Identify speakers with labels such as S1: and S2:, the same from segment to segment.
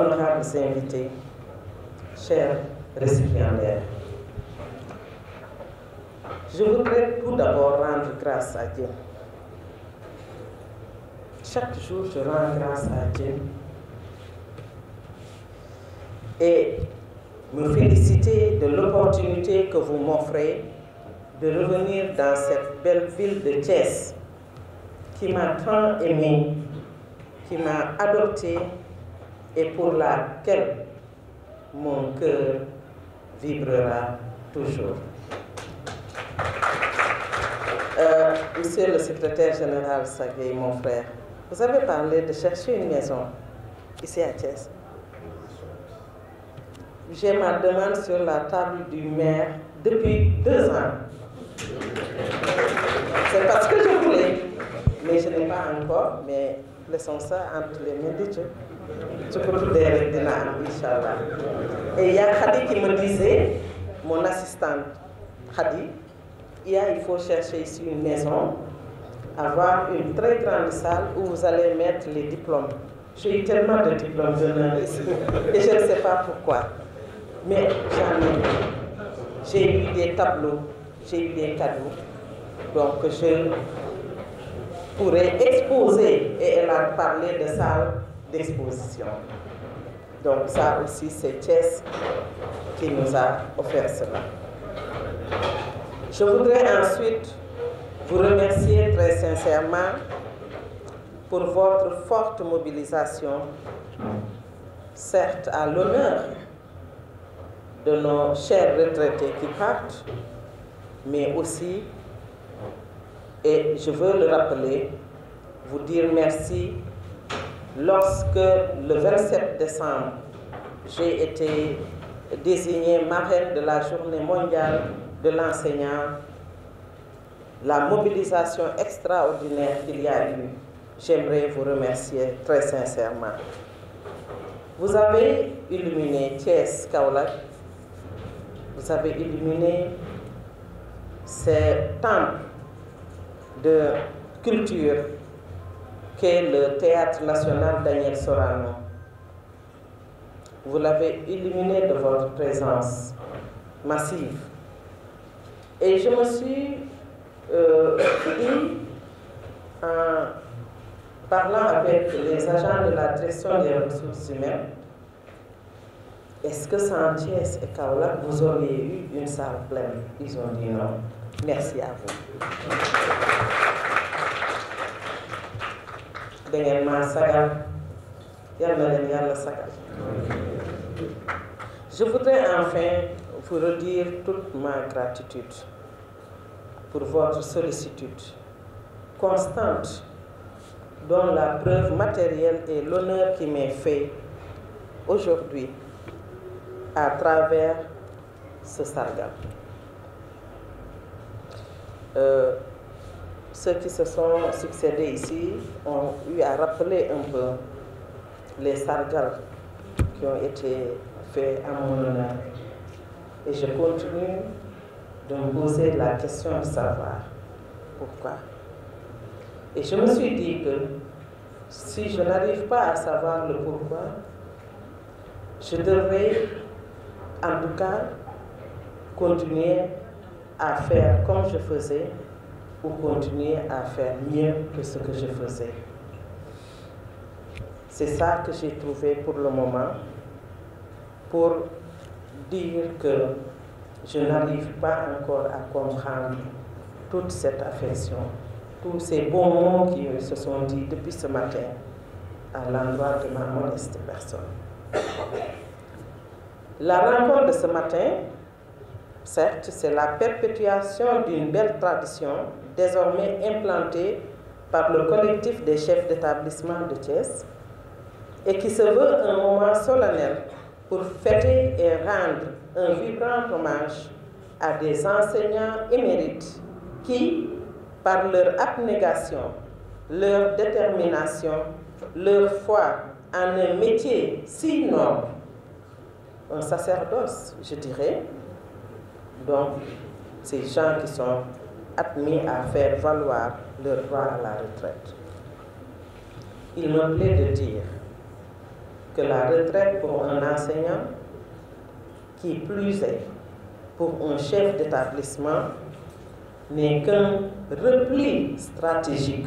S1: honorables invités, chers récipiendaires. Je voudrais tout d'abord rendre grâce à Dieu. Chaque jour, je rends grâce à Dieu et me féliciter de l'opportunité que vous m'offrez de revenir dans cette belle ville de Thiès qui m'a tant aimé, qui m'a adopté et pour laquelle mon cœur vibrera toujours. Euh, monsieur le secrétaire général Sagui, mon frère, vous avez parlé de chercher une maison ici à Thiès. J'ai ma demande sur la table du maire depuis deux ans. C'est parce que je voulais, mais je n'ai pas encore, mais laissons ça entre les mains de su ko tuddee rek am incha allah et y' a Khady qui me disait mon assistante Khady il il faut chercher ici une maison avoir une très grande salle où vous allez mettre les diplômes j'ai eu tellement de diplômes je ne sais pas pourquoi mais j'en j'ai eu des tableaux j'ai eu des cadeaux donc je pourrais exposer et elle a parlé de salle d'exposition. Donc ça aussi, c'est Thiès qui nous a offert cela. Je voudrais ensuite vous remercier très sincèrement pour votre forte mobilisation, certes à l'honneur de nos chers retraités qui partent, mais aussi, et je veux le rappeler, vous dire merci lorsque le 27 décembre, j'ai été désignée marraine de la journée mondiale de la mobilisation extraordinaire qu'il y a eu, j'aimerais vous remercier très sincèrement. Vous culture qu'est le Théâtre national Daniel Sorano. Vous l'avez illuminé de votre présence massive. Et je me suis euh, dit, en parlant avec les agents de la direction des ressources humaines, est-ce que Sanchez vous auriez eu une salle pleine Ils ont non. Merci à vous. dangeen maa sagal yal na leen yàlla sagal je voudrais enfin vous redire toute ma gratitude pour votre sollicitude constante dont la preuve matérielle est l'honneur qui m'est fait aujourd'hui à travers ce sargal. Euh, ceux qui se sont succédés ici ont eu à rappeler un peu les sargales qui ont été faits à mon honneur. Et je continue de me poser la question de savoir pourquoi. Et je me suis dit que si je n'arrive pas à savoir le pourquoi, je devrais en tout cas continuer à faire comme je faisais pour continuer à faire mieux que ce que je faisais. C'est ça que j'ai trouvé pour le moment pour dire que je n'arrive pas encore à comprendre toute cette affection, tous ces bons mots qui se sont dits depuis ce matin à l'endroit de ma modeste personne. La rencontre de ce matin, certes, c'est la perpétuation d'une belle tradition désormais implanté par le collectif des chefs d'établissement de Thiès et qui se veut un moment solennel pour fêter et rendre un vibrant hommage à des enseignants émérites qui, par leur abnégation, leur détermination, leur foi en un métier si noble, un sacerdoce, je dirais, donc ces gens qui sont admis à faire valoir leur droit à la retraite. Il me plaît de dire que la retraite pour un enseignant, qui plus est pour un chef d'établissement, n'est qu'un repli stratégique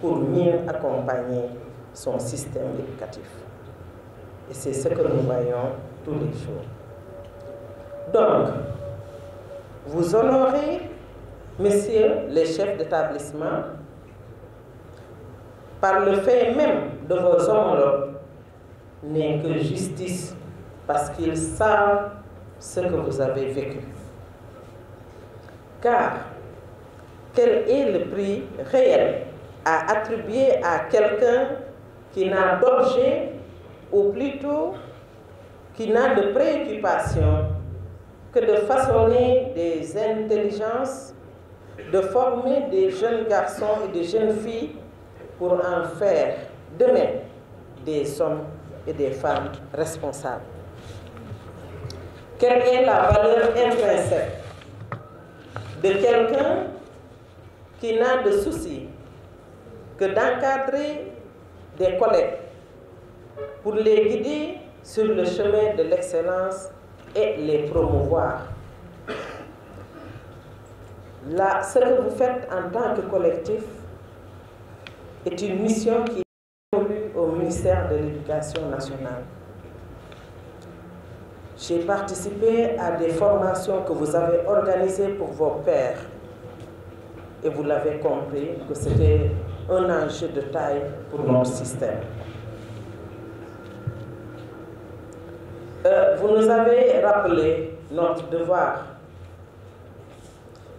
S1: pour mieux accompagner son système éducatif. Et c'est ce que nous voyons tous les jours. Donc, vous honorez messieurs les chefs d'établissement, par le fait même de vos homologues, n'est que justice parce qu'ils savent ce que vous avez vécu. Car quel est le prix réel à attribuer à quelqu'un qui n'a d'objet ou plutôt qui n'a de préoccupation que de façonner des intelligences de former des jeunes garçons et des jeunes filles pour en faire demain des hommes et des femmes responsables. Quelle est la valeur intrinsèque de quelqu'un
S2: qui n'a de souci
S1: que d'encadrer des collègues pour les guider sur le chemin de l'excellence et les promouvoir la ce que vous faites en tant que collectif est une mission qui évolue au ministère de l'Éducation nationale. J'ai participé à des formations que vous avez organisées pour vos pairs et vous l'avez compris que c'était un enjeu de taille pour notre système. Euh, vous nous avez rappelé notre devoir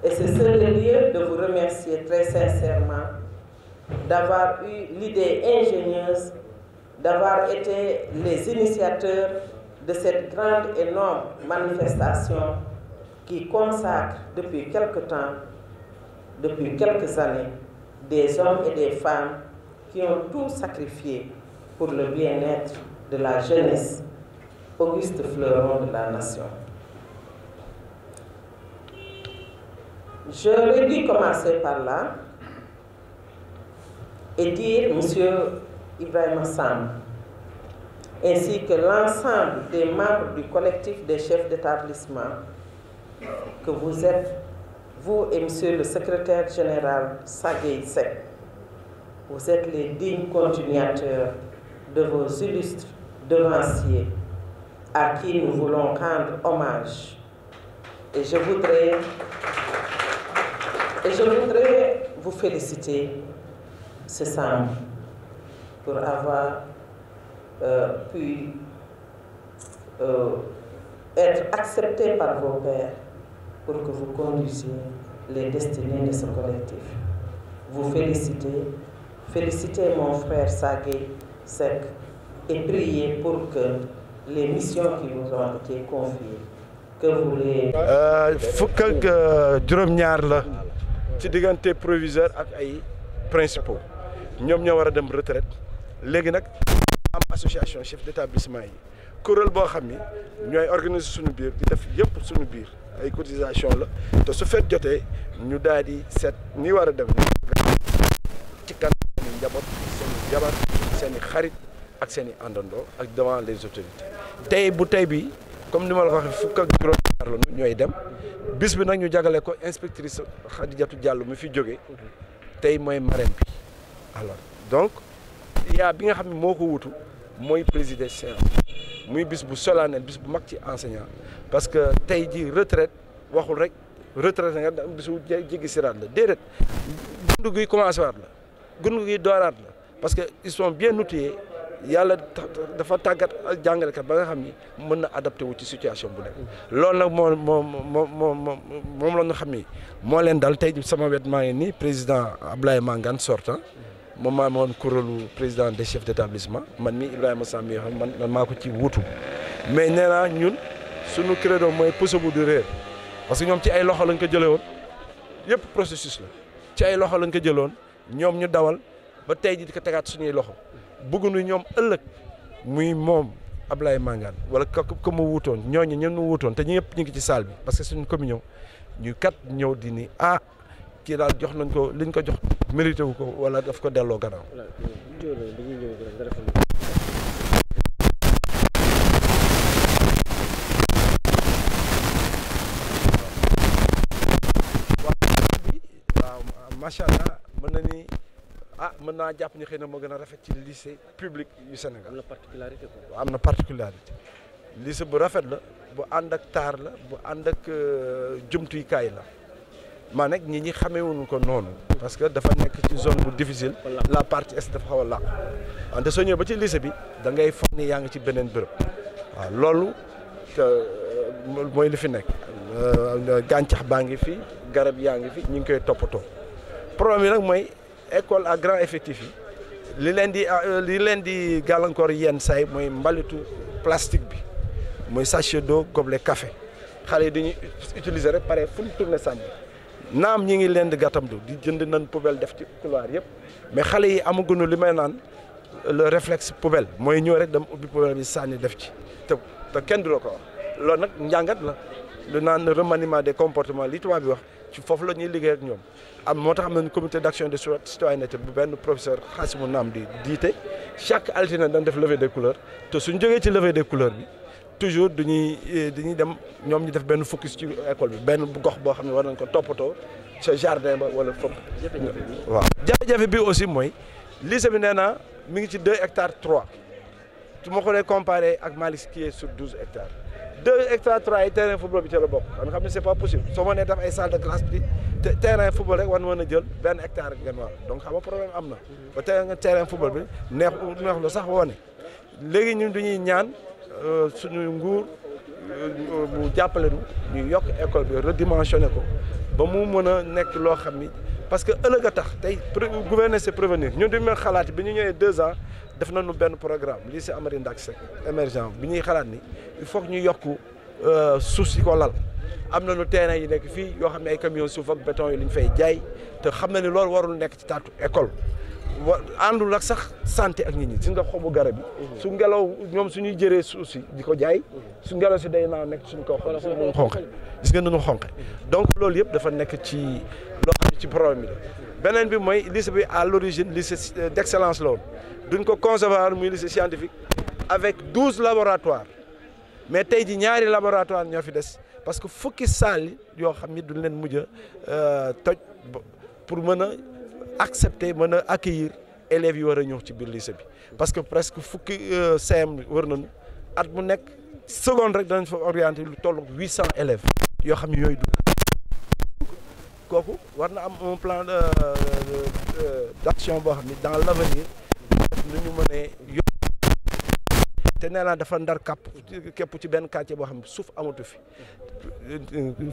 S1: Et c'est ce lieu de vous remercier très sincèrement d'avoir eu l'idée ingénieuse, d'avoir été les initiateurs de cette grande et énorme manifestation qui consacre depuis quelque temps, depuis quelques années, des hommes et des femmes qui ont tout sacrifié pour le bien-être de la jeunesse, Auguste Fleuron de la Nation. Je vais dû commencer par là et dire, Monsieur Ibrahim Sam, ainsi que l'ensemble des membres du collectif des chefs d'établissement, que vous êtes, vous et Monsieur le secrétaire général Sagui Seck, vous êtes les dignes continuateurs de vos illustres devanciers à qui nous voulons rendre hommage. Et je voudrais Et je voudrais vous féliciter, ce samedi, pour avoir euh, pu euh, être accepté par vos pairs pour que vous conduisiez les destinées de ce collectif. Vous félicitez, félicitez mon frère Sagué Sec et priez pour que les missions qui vous ont été
S2: confiées, que vous les... Euh, ci diggante proviseurs ak ay principaux ñoom ñoo war a dem retraite léegi nag am association chef d'établissement yi kuréel boo xam ni ñooy organiser suñu biir di def yëpp suñu biir ay cotisation la te su feet jotee ñu daal di seet ni war a dem ci kan seen i xarit ak seen i àndandoo ak devant les autorités tey bu tey bi comme ni ma la waxee fukk ak juróom ñooy dem bis bi nag ñu jagale ko inspectrice Khadijatou jàll mu fi jóge tey mooy marraine bi donc yaa bi nga xam ne moo ko wutu mooy présider séance muy bis bu solennel bis bu mag ci enseignant parce que tey ji retraite waxul rek retraite nga bisu jéggi siraat la déedéet dund gi commencé waat la gund gi dooraat la parce que ils bien outillés yàlla dafa tàggat jàngalekat ba nga xam ni mën na adapté wu ci situation bu nekk loolu nag moo moo moo moo moom la ñu xam ni moo leen daal tey sama wet maa ngi nii président Ablaye Mangane sortant moom maa moon kuréelu président des chefs d' établissement man mi Ibrahima Samb yoo xam man maa ko ci wuutu mais nee naa ñun suñu credo mooy puso bu du réer parce que ñoom ci ay loxo lañ ko jëlee woon yëpp processus la ci ay loxo lañ ko jëloon ñoom ñu dawal ba tey ji di ko tegaat suñuy loxo bëgguñu ñoom ëllëg muy moom ab Ablaye Mangane wala ka ko ma wuutoon ñooñu ñen ma wuutoon te ñu yëpp ñu ngi ci saal bi parce que suñu communion ñu kat ñëw di ni ah kii daal jox nañ ko liñ ko jox mérité wu ko wala daf ko delloo gannaaw. macha allah mën naa jàpp ni xëy na moo gën a rafet ci lycée public yu Sénégal. am na particularité am na particularité lycée bu rafet la bu ànd ak taar la bu ànd ak euh, jumtukaay la maa nag ñi ñi xamewuñu ko noonu. parce que dafa nekk ci zone bu difficile. la partie est dafa xaw a làqu. wante soo ñëwee ba ci lycée bi dangay ngay foog ni yaa ngi ci beneen bërëb. waaw loolu euh, mooy li fi nekk. Euh, gàncax baa ngi fi garab yaa ngi fi ñu ngi koy toppatoo problème yi nag mooy. école à grand effectif yi li leen di euh, li leen di gàllankoor yenn saay mooy mbalitu plastique bi mooy sachet do gobelet kafe xale yi dañuy utiliser rek pare fu mu tourné sànni naam ñi ngi leen di gàttamdu di jënd nan poubelle def ci couloir yëpp mais xale yi amaguñu li may naan euh, le réflexe poubelle mooy ñëw rek dama ubbi poubelle bi sànni def ci te te kenn du la ko wax loolu nag njàngat la lu naan remaniement des comportement li tubaab bi wax ci foofu la ñuy liggéey ak ñoom am moo tax am nañu comité d'action de citoyenneté bu benn professeur Khassimou Naam di diite chaque altine dañ def levée des couleurs te suñ jógee ci levée des couleurs bi toujours duñuy eh, dañuy dem ñoom ñu def benn fukki ci école bi benn gox boo xam ne war nañ ko toppatoo sa jardin ba wala fop waaw jafe-jafe bi aussi mooy lycée bi nee naa mi ngi ci deux hectares trois su ma ko dee comparé ak Malick qui est sur douze deux extra trois yi terrain football bi ci la bokk kon xam ne c'est pas possible soo mënee def ay salle de classe bi terrain football rek wan na mën a jël benn hectare ngeen war donc xam nga problème am na. ba tey nga terrain football bi neex neex lu sax woone léegi ñun dañuy ñaan euh, suñu nguur euh, mu jàppale nu ñu yokk école bi redimensionné ko ba mu mën a nekk loo xam ni. parce que ëllëg a tax tey gouverner c'est prévenir ñun du ñu xalaat bi ñu ñëwee deux ans def nañu benn programme li si Amary Ndack Seck émergent bi ñuy xalaat ni il faut ñu yokk euh, suuf si ko lal am nañu terrain yi nekk fii yoo xam ne ay camions suuf ak béton yi li ñu fay jaay te xam na ni loolu warul nekk ci taatu école. wa àndul ak sax santé ak nit ñi si nga xobu garab yi mhm. su ngelaw ñoom suñuy jëree suuf si di ko jaay mhm. su ngelaw si day naaw nekk suñu kaw xool suñu xonqe gis nga nu xonqe donc loolu yëpp dafa nekk ci loo xam ne ci problème bi la beneen bi mooy lycée bi à l'origine lycée d'excellence la woon duñ ko conserver muy lycée scientifique avec douze laboratoires mais tey ji ñaari laboratoire ñoo fi des parce que fukki salle yoo xam ni duñ leen mujj a euh, toj pour mën a accepter mën a accueillir élèves yi war a ñëw ci biir lycée bi parce que presque fukki euh, CM wër nañu at mu nekk seconde rek danañ fa orienté lu toll huit cent élèves yoo xam ne yooyu dugg kooku war na am un plan de euh, euh, d'action boo xam ne dans l'avenir nu ñu mënee te nee dafa ndar kàpp képp ci benn quartier boo xam ne suuf amatu fi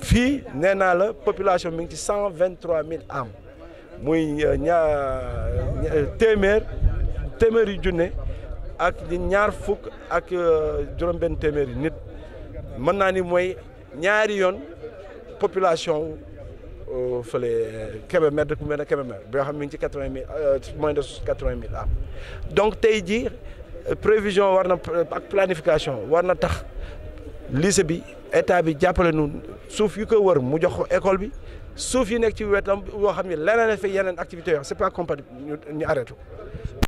S2: fii nee naa la population mi ngi ci cent vingt trois mille âmes muy euh, ñaar téeméer téeméer yu junne ak ñaar fukk ak euh, juróom-benn téeméer yi nit mën naa ni mooy ñaari yoon population euh, fële Kébémer dëkk bu mel ne Kébémer bi nga xam mi ngi ci quatre-vingt mille moins de quatre-vingt mille am donc tey jii prévision war na ak planification war na tax lycée bi état bi jàppale nu suuf yi ko wër mu jox ko école bi suuf yi nekk ci wetam yoo xam ne leneen la fi yeneen activités yoo xam c'est pas compatible ñu ñu arrêté ko